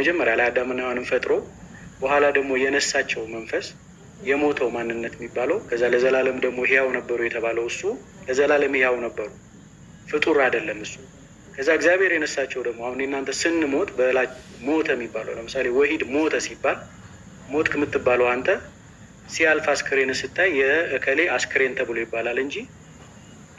መጀመሪያ ላይ አዳምና ሔዋንን ፈጥሮ በኋላ ደግሞ የነሳቸው መንፈስ የሞተው ማንነት የሚባለው ከዛ ለዘላለም ደግሞ ህያው ነበሩ የተባለው እሱ ለዘላለም ህያው ነበሩ፣ ፍጡር አይደለም እሱ። ከዛ እግዚአብሔር የነሳቸው ደግሞ አሁን እናንተ ስንሞት በላ ሞተ የሚባለው ለምሳሌ ወሂድ ሞተ ሲባል ሞት ከምትባለው አንተ ሲያልፍ አስክሬን ስታይ የእከሌ አስክሬን ተብሎ ይባላል እንጂ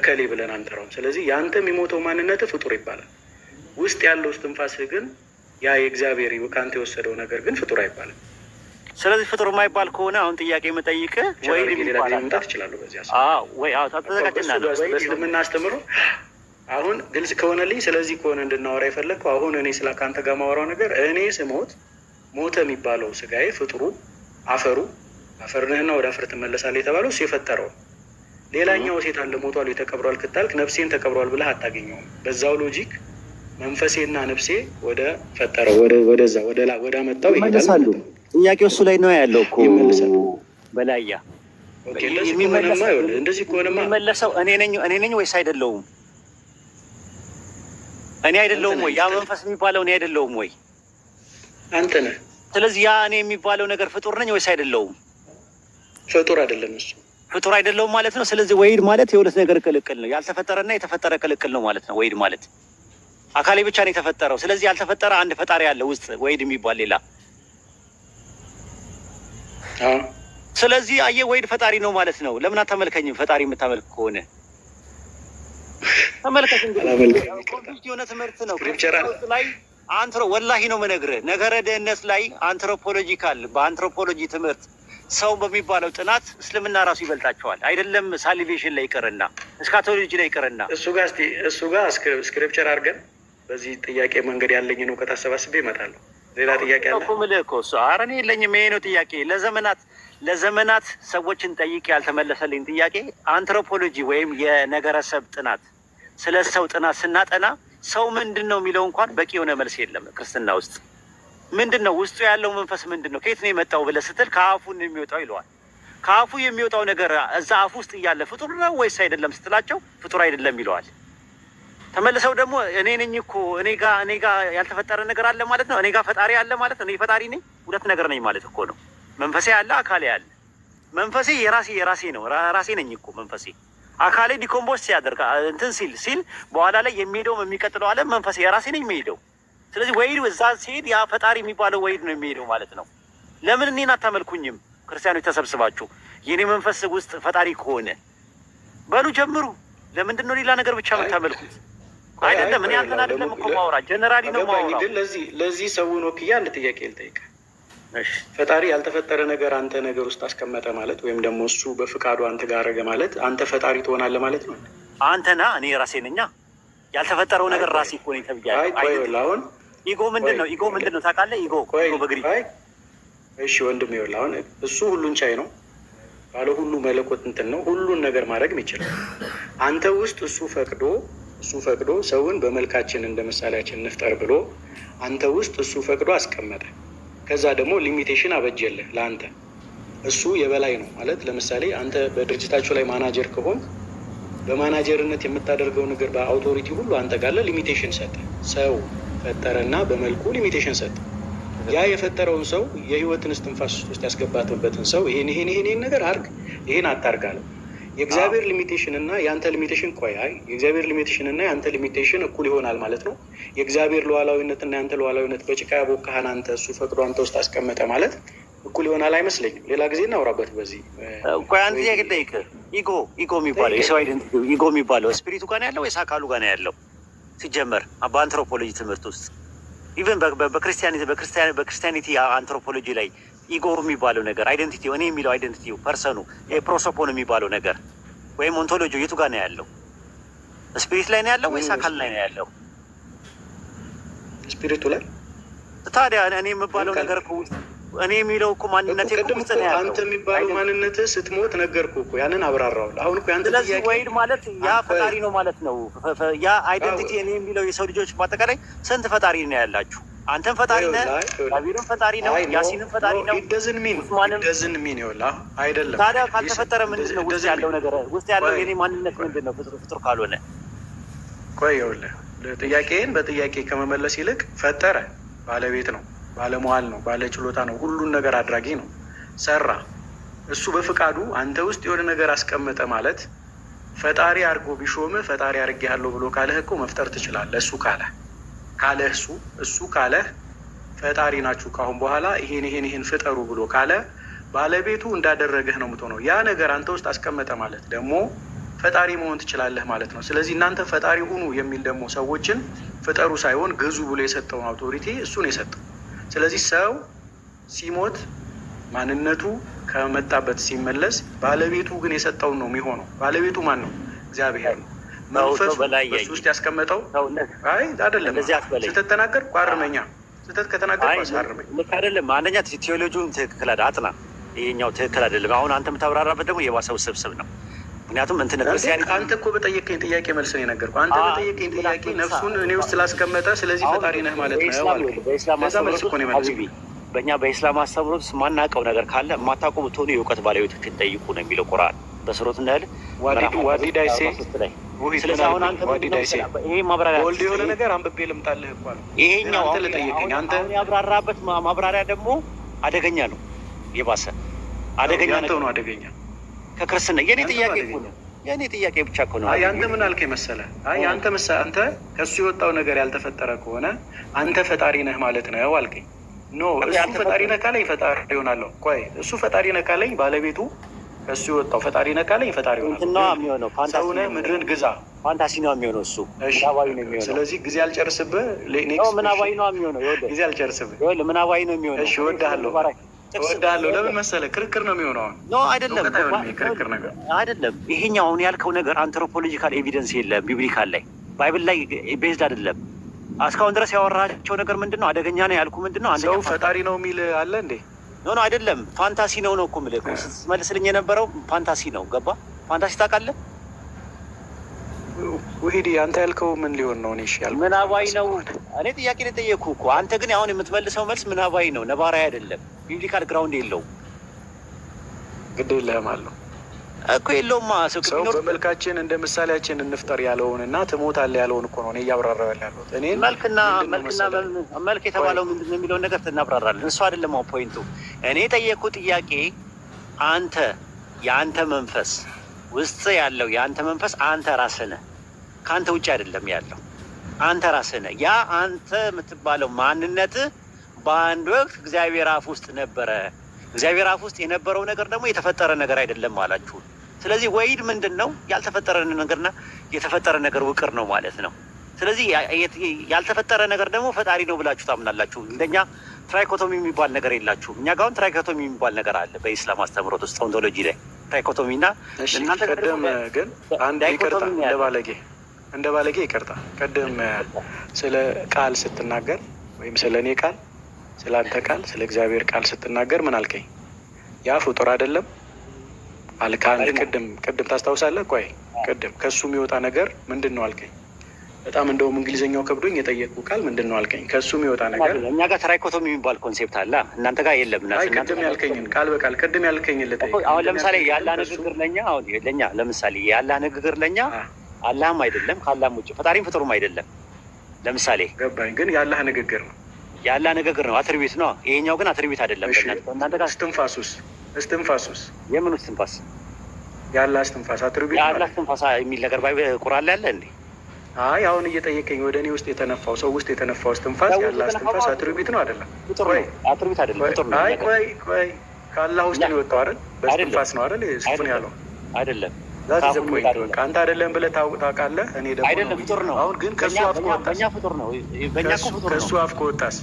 እከሌ ብለን አንጠራውም። ስለዚህ የአንተ የሚሞተው ማንነት ፍጡር ይባላል። ውስጥ ያለው እስትንፋስህ ግን ያ የእግዚአብሔር ከአንተ የወሰደው ነገር ግን ፍጡር አይባልም። ስለዚህ ፍጡር የማይባል ከሆነ አሁን ጥያቄ መጠይቅ ወይ ይችላሉ። በዚያ አስተምሮ አሁን ግልጽ ከሆነልኝ፣ ስለዚህ ከሆነ እንድናወራ የፈለግከው አሁን እኔ ስለ ከአንተ ጋር ማወራው ነገር እኔ ስሞት ሞተ የሚባለው ስጋዬ ፍጡሩ አፈሩ አፈርንህና ወደ አፈር ትመለሳለህ የተባለው እሱ የፈጠረው ሌላኛው ሴት አለ ሞቷል የተቀብሯል ክታልክ ነፍሴን ተቀብሯል ብለህ አታገኘውም። በዛው ሎጂክ መንፈሴና ነፍሴ ወደ ፈጠረው ወደዛ ወደ አመጣው ይመለሳሉ። ጥያቄው እሱ ላይ ነው ያለው እኮ በላያ የሚመለሰው እኔ ነኝ ወይስ አይደለውም? እኔ አይደለውም ወይ? ያ መንፈስ የሚባለው እኔ አይደለውም ወይ? አንተ ነህ። ስለዚህ ያ እኔ የሚባለው ነገር ፍጡር ነኝ ወይስ አይደለውም? ፍጡር አይደለም እሱ ፍጡር አይደለውም ማለት ነው። ስለዚህ ወሂድ ማለት የሁለት ነገር ቅልቅል ነው። ያልተፈጠረና የተፈጠረ ቅልቅል ነው ማለት ነው። ወሂድ ማለት አካሌ ብቻ ነው የተፈጠረው። ስለዚህ ያልተፈጠረ አንድ ፈጣሪ አለ ውስጥ ወይድ የሚባል ሌላ። ስለዚህ አየ ወይድ ፈጣሪ ነው ማለት ነው። ለምን አታመልከኝም? ፈጣሪ የምታመልክ ከሆነ ተመልከት። የሆነ ትምህርት ነው ላይ አንትሮ ወላሂ ነው የምነግርህ ነገረ ድህነት ላይ አንትሮፖሎጂካል በአንትሮፖሎጂ ትምህርት ሰው በሚባለው ጥናት እስልምና ራሱ ይበልጣቸዋል። አይደለም ሳሊቬሽን ላይ ይቅርና እስካቶሎጂ ላይ ይቅርና እሱ ጋር እሱ ጋር ስክሪፕቸር አድርገን በዚህ ጥያቄ መንገድ ያለኝን እውቀት አሰባስቤ እመጣለሁ። ሌላ ጥያቄ አለ እኮ እኮ እሱ ኧረ እኔ የለኝም። ይሄ ነው ጥያቄ ለዘመናት ለዘመናት ሰዎችን ጠይቄ ያልተመለሰልኝ ጥያቄ አንትሮፖሎጂ ወይም የነገረሰብ ጥናት ስለ ሰው ጥናት ስናጠና ሰው ምንድን ነው የሚለው እንኳን በቂ የሆነ መልስ የለም። ክርስትና ውስጥ ምንድን ነው ውስጡ ያለው መንፈስ ምንድን ነው ከየት ነው የመጣው ብለህ ስትል ከአፉ የሚወጣው ይለዋል። ከአፉ የሚወጣው ነገር እዛ አፉ ውስጥ እያለ ፍጡር ነው ወይስ አይደለም ስትላቸው ፍጡር አይደለም ይለዋል። ተመልሰው ደግሞ እኔ ነኝ እኮ እኔ ጋ እኔ ጋ ያልተፈጠረ ነገር አለ ማለት ነው። እኔ ጋ ፈጣሪ አለ ማለት እኔ ፈጣሪ ነኝ ሁለት ነገር ነኝ ማለት እኮ ነው። መንፈሴ አለ፣ አካሌ አለ። መንፈሴ የራሴ የራሴ ነው። ራሴ ነኝ እኮ መንፈሴ። አካሌ ዲኮምፖስ ሲያደርግ እንትን ሲል ሲል በኋላ ላይ የሚሄደው የሚቀጥለው አለም መንፈሴ የራሴ ነኝ የሚሄደው። ስለዚህ ወይድ እዛ ሲሄድ ያ ፈጣሪ የሚባለው ወይድ ነው የሚሄደው ማለት ነው። ለምን እኔን አታመልኩኝም? ክርስቲያኖች ተሰብስባችሁ የእኔ መንፈስ ውስጥ ፈጣሪ ከሆነ በሉ ጀምሩ። ለምንድን ነው ሌላ ነገር ብቻ የምታመልኩት? አይደለም እኔ አንተን አይደለም እኮ ማውራት ጀነራሊ ነው ማውራት። ለዚህ ለዚህ ሰውን ወክዬ አንድ ጥያቄ ልጠይቅህ። ፈጣሪ ያልተፈጠረ ነገር አንተ ነገር ውስጥ አስቀመጠ ማለት ወይም ደግሞ እሱ በፍቃዱ አንተ ጋር አረገ ማለት አንተ ፈጣሪ ትሆናለህ ማለት ነው። አንተና እኔ ራሴ ነኛ። ያልተፈጠረው ነገር ራሴ እኮ ነኝ ተብያለሁ። አሁን ኢጎ ምንድን ነው? ኢጎ ምንድን ነው ታውቃለህ? ኢጎ በግሪክ እሺ ወንድም ይኸውልህ፣ አሁን እሱ ሁሉን ቻይ ነው ባለ ሁሉ መለኮት እንትን ነው። ሁሉን ነገር ማድረግ ይችላል። አንተ ውስጥ እሱ ፈቅዶ እሱ ፈቅዶ ሰውን በመልካችን እንደ ምሳሌያችን እንፍጠር ብሎ አንተ ውስጥ እሱ ፈቅዶ አስቀመጠ። ከዛ ደግሞ ሊሚቴሽን አበጀልህ ለአንተ እሱ የበላይ ነው ማለት ለምሳሌ አንተ በድርጅታችሁ ላይ ማናጀር ከሆን በማናጀርነት የምታደርገው ነገር በአውቶሪቲ ሁሉ አንተ ጋለ ሊሚቴሽን ሰጠ። ሰው ፈጠረና በመልኩ ሊሚቴሽን ሰጠ። ያ የፈጠረውን ሰው የህይወትን እስትንፋስ ውስጥ ያስገባትበትን ሰው ይሄን ይሄን ይሄን ነገር አርግ፣ ይሄን አታርጋለሁ የእግዚአብሔር ሊሚቴሽን እና የአንተ ሊሚቴሽን ቆይ አይ የእግዚአብሔር ሊሚቴሽን እና የአንተ ሊሚቴሽን እኩል ይሆናል ማለት ነው። የእግዚአብሔር ሉዓላዊነት እና የአንተ ሉዓላዊነት በጭቃ ያቦካህን አንተ እሱ ፈቅዶ አንተ ውስጥ አስቀመጠ ማለት እኩል ይሆናል አይመስለኝም። ሌላ ጊዜ እናውራበት። በዚህ ቆይ አንድ ጊዜ ግጠይቅ። ኢጎ ኢጎ የሚባለው የሰው አይደንቲቲ ኢጎ የሚባለው ስፒሪቱ ጋር ያለው ወይስ አካሉ ጋር ያለው ሲጀመር በአንትሮፖሎጂ ትምህርት ውስጥ ኢቨን በክርስቲያኒቲ አንትሮፖሎጂ ላይ ኢጎ የሚባለው ነገር አይደንቲቲ፣ እኔ የሚለው አይደንቲቲ ፐርሰኑ የፕሮሶፖን የሚባለው ነገር ወይም ኦንቶሎጂ የቱ ጋር ነው ያለው? ስፒሪት ላይ ነው ያለው ወይስ አካል ላይ ነው ያለው? ስፒሪቱ ላይ ታዲያ እኔ የምባለው ነገር እኔ የሚለው እኮ ማንነት ውስጥ ያለው። አንተ የሚባለው ማንነት ስትሞት ነገርኩ እኮ ያንን አብራራው። አሁን እኮ ያንተ ስለዚህ ወይድ ማለት ያ ፈጣሪ ነው ማለት ነው። ያ አይደንቲቲ እኔ የሚለው የሰው ልጆች በአጠቃላይ ስንት ፈጣሪ ነው ያላችሁ? አንተም ፈጣሪ ነህ፣ ዳቢርም ፈጣሪ ነው፣ ያሲንም ፈጣሪ ነው። ደዝን ሚን ደዝን ሚን ይወላ አይደለም። ታዲያ ካልተፈጠረ ምንድን ነው ውስጥ ያለው ነገር? ውስጥ ያለው የኔ ማንነት ምንድን ነው? ፍጡር ካልሆነ ቆይ ይወላ ጥያቄን በጥያቄ ከመመለስ ይልቅ ፈጠረ ባለቤት ነው ባለመዋል ነው፣ ባለችሎታ ነው፣ ሁሉን ነገር አድራጊ ነው። ሰራ እሱ በፍቃዱ አንተ ውስጥ የሆነ ነገር አስቀመጠ ማለት ፈጣሪ አድርጎ ቢሾምህ ፈጣሪ አድርጌሃለሁ ብሎ ካለህ እኮ መፍጠር ትችላለህ። እሱ ካለህ ካለህ እሱ እሱ ካለህ ፈጣሪ ናችሁ ካሁን በኋላ ይሄን ይሄን ይሄን ፍጠሩ ብሎ ካለ ባለቤቱ እንዳደረገህ ነው የምትሆነው። ያ ነገር አንተ ውስጥ አስቀመጠ ማለት ደግሞ ፈጣሪ መሆን ትችላለህ ማለት ነው። ስለዚህ እናንተ ፈጣሪ ሁኑ የሚል ደግሞ ሰዎችን ፍጠሩ ሳይሆን ግዙ ብሎ የሰጠውን አውቶሪቲ እሱን የሰጠው ስለዚህ ሰው ሲሞት ማንነቱ ከመጣበት ሲመለስ፣ ባለቤቱ ግን የሰጠውን ነው የሚሆነው። ባለቤቱ ማን ነው? እግዚአብሔር ነው። መንፈሱ በሱ ውስጥ ያስቀመጠው አይ አይደለም። ስትተናገር አርመኛ፣ ስህተት ከተናገር አርመኛ አይደለም። አንደኛ ቴዎሎጂውን ትክክል አጥና፣ ይሄኛው ትክክል አደለም። አሁን አንተ የምታብራራበት ደግሞ የባሰው ስብስብ ነው። ምክንያቱም እንትን አንተ እኮ በጠየቀኝ ጥያቄ መልስ ነው የነገርኩህ። አንተ በጠየቀኝ ጥያቄ ነፍሱን እኔ ውስጥ ስላስቀመጠ ስለዚህ ፈጣሪ ነህ ማለት ነው። መልስ እኮ ነው መልስ በእኛ በኢስላም አስተምሮት ማናቀው ነገር ካለ የማታውቁ ብትሆኑ የእውቀት ባለቤቶችን ጠይቁ ነው የሚለው ቁርአን በሱረት ነህል የሆነ ነገር አንብቤ ልምጣልህ እኮ ነው ይሄኛው ለጠየቀኝ አንተ ያብራራበት ማብራሪያ ደግሞ አደገኛ ነው የባሰ አደገኛ ነው አደገኛ ከክርስትና የኔ ጥያቄ ነው የእኔ ጥያቄ ብቻ እኮ ነው። አንተ ምን አልከ መሰለ? አይ አንተ መሰ አንተ ከእሱ የወጣው ነገር ያልተፈጠረ ከሆነ አንተ ፈጣሪ ነህ ማለት ነው አልከኝ። ኖ እሱ ፈጣሪ ነህ ካለኝ ፈጣሪ ይሆናለሁ። ቆይ እሱ ፈጣሪ ነህ ካለኝ ባለቤቱ ከእሱ የወጣው ፈጣሪ ነህ ካለኝ ፈጣሪ ይሆናለሁ። ሰው ነህ ምድርን ግዛ ፋንታሲ ነው የሚሆነው እሱ። ስለዚህ ጊዜ አልጨርስብህ። ምናባዊ ነው የሚሆነው ጊዜ አልጨርስብህ። ምናባዊ ነው የሚሆነው እወድሃለሁ እወዳለሁ። ለምን መሰለህ? ክርክር ነው የሚሆነው። አሁን አይደለም ክርክር ነገር አይደለም። ይሄኛው አሁን ያልከው ነገር አንትሮፖሎጂካል ኤቪደንስ የለም ቢብሊካል ላይ ባይብል ላይ ቤዝድ አይደለም። እስካሁን ድረስ ያወራቸው ነገር ምንድን ነው? አደገኛ ነው ያልኩ ምንድን ነው? ሰው ፈጣሪ ነው የሚል አለ እንዴ? ኖ አይደለም፣ ፋንታሲ ነው ነው እኮ የምልህ። መልስልኝ የነበረው ፋንታሲ ነው። ገባ ፋንታሲ ታውቃለህ ውሂድ አንተ ያልከው ምን ሊሆን ነው? እኔ ይሻል ምናባዊ ነው። እኔ ጥያቄ ጠየቅኩ እኮ አንተ ግን አሁን የምትመልሰው መልስ ምናባዊ ነው፣ ነባራዊ አይደለም። ቢብሊካል ግራውንድ የለውም። ግድ የለህም አለው እኮ የለውማ። ሰው በመልካችን እንደ ምሳሌያችን እንፍጠር ያለውን እና ትሞታለህ ያለውን እኮ ነው እኔ እያብራራሁ ያለሁት። እኔ መልክና መልክና መልክ የተባለው ምንድን ነው የሚለውን ነገር እናብራራለን። እሱ አይደለም አሁን ፖይንቱ። እኔ ጠየቅኩህ ጥያቄ አንተ የአንተ መንፈስ ውስጥ ያለው የአንተ መንፈስ አንተ ራስህ ነህ ከአንተ ውጭ አይደለም ያለው፣ አንተ ራስህ ነህ። ያ አንተ የምትባለው ማንነት በአንድ ወቅት እግዚአብሔር አፍ ውስጥ ነበረ። እግዚአብሔር አፍ ውስጥ የነበረው ነገር ደግሞ የተፈጠረ ነገር አይደለም አላችሁ። ስለዚህ ወይድ ምንድን ነው? ያልተፈጠረ ነገርና የተፈጠረ ነገር ውቅር ነው ማለት ነው። ስለዚህ ያልተፈጠረ ነገር ደግሞ ፈጣሪ ነው ብላችሁ ታምናላችሁ። እንደኛ ትራይኮቶሚ የሚባል ነገር የላችሁም። እኛ ጋሁን ትራይኮቶሚ የሚባል ነገር አለ በኢስላም አስተምሮት ውስጥ ኦንቶሎጂ ላይ ትራይኮቶሚ እና እናንተ ቀደም ግን አንድ ይቅርታ ለባለጌ እንደ ባለጌ ይቅርታ፣ ቅድም ስለ ቃል ስትናገር ወይም ስለ እኔ ቃል፣ ስለ አንተ ቃል፣ ስለ እግዚአብሔር ቃል ስትናገር ምን አልከኝ? ያ ፍጡር አይደለም አልካን። ቅድም ቅድም ታስታውሳለህ? ቆይ ቅድም ከእሱ የሚወጣ ነገር ምንድን ነው አልከኝ። በጣም እንደውም እንግሊዝኛው ከብዶኝ የጠየቁ ቃል ምንድን ነው አልከኝ። ከእሱ የሚወጣ ነገር እኛ ጋር ተራይኮቶም የሚባል ኮንሴፕት አለ፣ እናንተ ጋር የለም። ቅድም ያልከኝን ቃል በቃል ቅድም ያልከኝን ልጠይቅ። አሁን ለምሳሌ ያላ ንግግር ለኛ አሁን ለኛ ለምሳሌ ያላ ንግግር ለኛ አላህም አይደለም ከአላህም ውጭ ፈጣሪም ፍጡሩም አይደለም። ለምሳሌ ገባኝ። ግን የአላህ ንግግር ነው የአላህ ንግግር ነው፣ አትርቢት ነው። ይሄኛው ግን አትርቢት አይደለም። እናንተ እስትንፋሱስ እስትንፋሱስ የምን እስትንፋስ? የአላህ እስትንፋስ አትርቢት። የአላህ እስትንፋስ የሚል ነገር ቁርአን ላይ አለ እንዴ? አይ አሁን እየጠየቀኝ ወደ እኔ ውስጥ የተነፋው ሰው ውስጥ የተነፋው እስትንፋስ ያለ እስትንፋስ አትርቢት ነው አይደለም? አትርቢት አይደለም። አይ ቆይ ቆይ፣ ከአላህ ውስጥ ነው የወጣው አይደል? በእስትንፋስ ነው አይደል? ስፉን ያለው አይደለም አንተ አይደለም ብለህ ታውቃለህ። እኔ ደግሞ አይደለም ፍጡር ነው። አሁን ግን ከእሱ አፍ ከወጣስ ፍጡር ነው። በእኛ እኮ ፍጡር ነው። ከእሱ አፍ ከወጣስ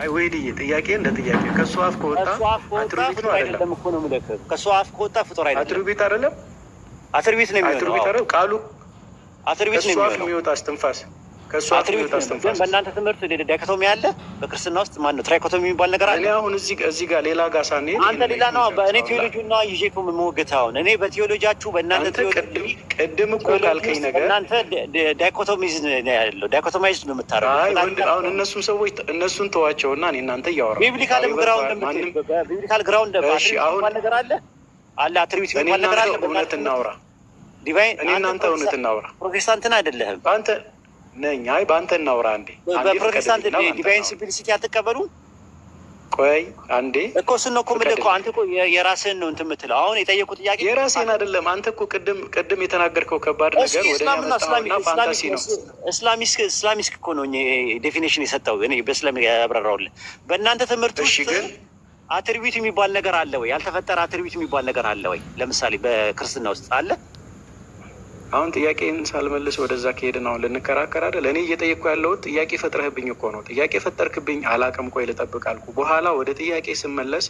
አይ ወይ ልዬ ጥያቄ እንደ ጥያቄ ከእሱ አፍ ከወጣ አትሪቢት ነው አይደለም እኮ ነው የምልህ። ከእሱ አፍ ከወጣ ፍጡር አይደለም አትሪቢት አይደለም አትሪቢት ነው የሚሆነው ቃሉ አትሪቢት ነው የሚወጣ እስትንፋስ አትሪቢዩት ግን በእናንተ ትምህርት ዳይኮቶሚ አለ። በክርስትና ውስጥ ማን ነው ትራይኮቶሚ የሚባል ነገር አለ። አሁን እዚህ ጋር ሌላ ጋር ሳንሄድ አንተ ሌላ ነው። በእኔ ቴዎሎጂ እና ይዤ እኮ የምወግት አሁን እኔ በቴዎሎጂያችሁ በእናንተ ቴዎሎጂ ቅድም እኮ ካልከኝ ነገር እናንተ ዳይኮቶሚዝ ያለው ዳይኮቶማይዝ ነው የምታደርጉት። አሁን እነሱን ሰዎች እነሱን ተዋቸው እና እኔ እናንተ እያወራ ቢብሊካል ግራውንድ ቢብሊካል ግራውንድ ነገር አለ አለ አትሪቢዩት የሚባል ነገር አለ። እውነት እናውራ ዲቫይን እኔ እናንተ እውነት እናውራ ፕሮቴስታንትን አይደለህም አንተ ነኝ። አይ በአንተ እናውራ አንዴ። በፕሮቴስታንት ዲቫይን ሲምፕሊሲቲ አትቀበሉም? ቆይ አንዴ እኮ እሱን ነው እኮ የምልህ እኮ አንተ እኮ የራስህን ነው እንትን የምትለው። አሁን የጠየቁ ጥያቄ የራስህን አይደለም። አንተ እኮ ቅድም ቅድም የተናገርከው ከባድ ነገር እስላሚስክ እኮ ነው ዴፊኒሽን የሰጠው እኔ በእስላሚ ያብራራውልህ። በእናንተ ትምህርት ውስጥ ግን አትሪቢዩት የሚባል ነገር አለ ወይ? ያልተፈጠረ አትሪቢዩት የሚባል ነገር አለ ወይ? ለምሳሌ በክርስትና ውስጥ አለ አሁን ጥያቄን ሳልመልስ ወደዛ ከሄድን አሁን ልንከራከር አይደል? እኔ እየጠየቅኩ ያለሁት ጥያቄ ፈጥረህብኝ እኮ ነው። ጥያቄ ፈጠርክብኝ አላቅም፣ ቆይ ልጠብቅ አልኩ። በኋላ ወደ ጥያቄ ስመለስ